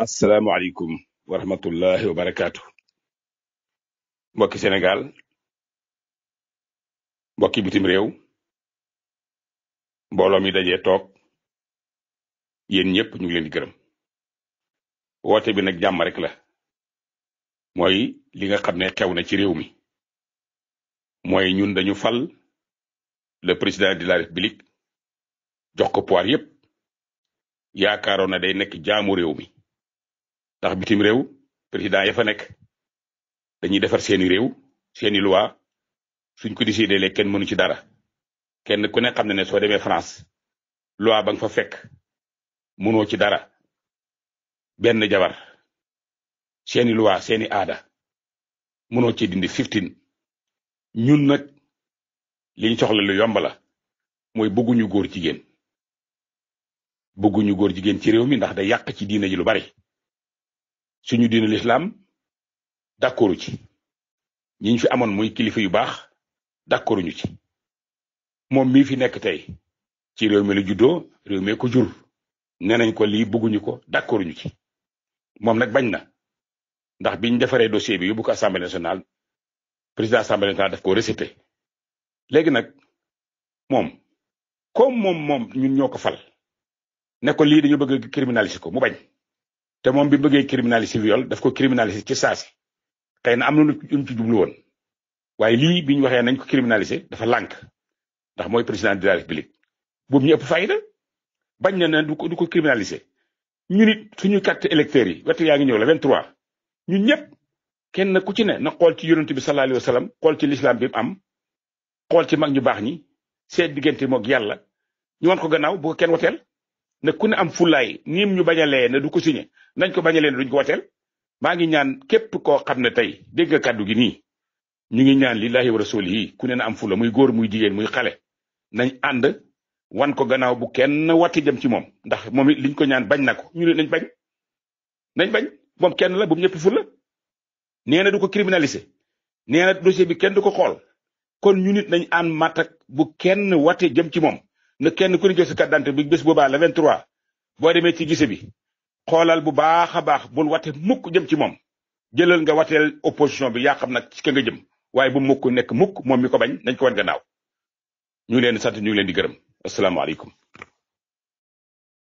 asalaamualeykum wa rahmatullahi wa barakaatu mbokki Sénégal mbokki bitim réew mbooloo mi dajee toog yéen ñëpp ñu ngi leen di gërëm woote bi nag jàmm rek la moy li nga xam ne xew na ci réew mi mooy ñun dañu fal le président de la république jox ko pouvoir yépp yaakaaroon na day nekk jaamu réew mi ndax bitim réew président ya fa nekk dañuy defar seeni réew seeni loi suñ ko décidé lé kenn mënu ci dara kenn ku ne xam ne ne soo demee france loi ba nga fa fekk mënoo ci dara benn jabar seeni loi seeni aada mënoo ci dindi 15 ñun nag liñ soxla lu yomb la mooy bëgguñu góor jigéen bëgguñu góor jigéen ci réew mi ndax da yàq ci diine ji lu bari suñu diine lislaam d'accordu ci ñi ñu fi amoon muy kilifa yu baax d'accorduñu ci moom mi fi nekk tey ci réew mi la juddoo réew mee ko jur nee nañ ko lii bëgguñu ko d'accorduñu ci moom nag bañ na ndax biñ defaree dossier bi yóbbu ko assemblée nationale président assemblée nationale def ko rejeté léegi nag moom comme moom moom ñun ñoo ko fal ne ko lii dañu bëgg criminaliser ko mu bañ te moom bi bëggee criminaliser viol daf ko criminaliser ci saasi xëy na am na lu mu ci jublu woon waaye lii bi ñu waxee nañ ko criminaliser dafa lànk ndax mooy président de la république boobu ñu ëpp fayda bañ na ne du ko du ko criminaliser ñu nit suñu carte électeurs yi wetu yaa ngi ñëw la 23 ñun ñëpp kenn ku ci ne na xool ci yonent bi sallallahu alayhi wa sallam xool ci l'islam bi am xool ci mag ñu baax ñi seet diggante moog yàlla ñu wan ko gannaaw bu ko kenn woteel ne ku ne am fulaay niim ñu bañ a lee ne du ko signé nañ ko bañ a lee duñ ko wateel maa ngi ñaan képp koo xam ne tey dégg nga kàddu gi nii ñu ngi ñaan lillahi wa rasulihi ku ne na am fula muy góor muy jigéen muy xale nañ ànd wan ko gannaaw bu kenn watti jëm ci moom ndax moom it liñ ko ñaan bañ na ko ñu nañ bañ nañ bañ moom kenn la bu ñëpp fula nee ko criminaliser nee na dossier bi kenn du ko xool kon ñu nit nañ ànd matak bu kenn wate jëm ci moom na kenn ku ne jël sa carte d'identité bi bés boobaa la 23 boo demee ci gise bi xoolal bu baax a baax bul wate mukk jëm ci moom jëlal nga wateel opposition bi yaa xam nag ci ka nga jëm waaye bu mukk nekk mukk moom mi ko bañ nañ ko wan gannaaw naaw ngi leen di sant ñu leen di gërëm asalaamaaleykum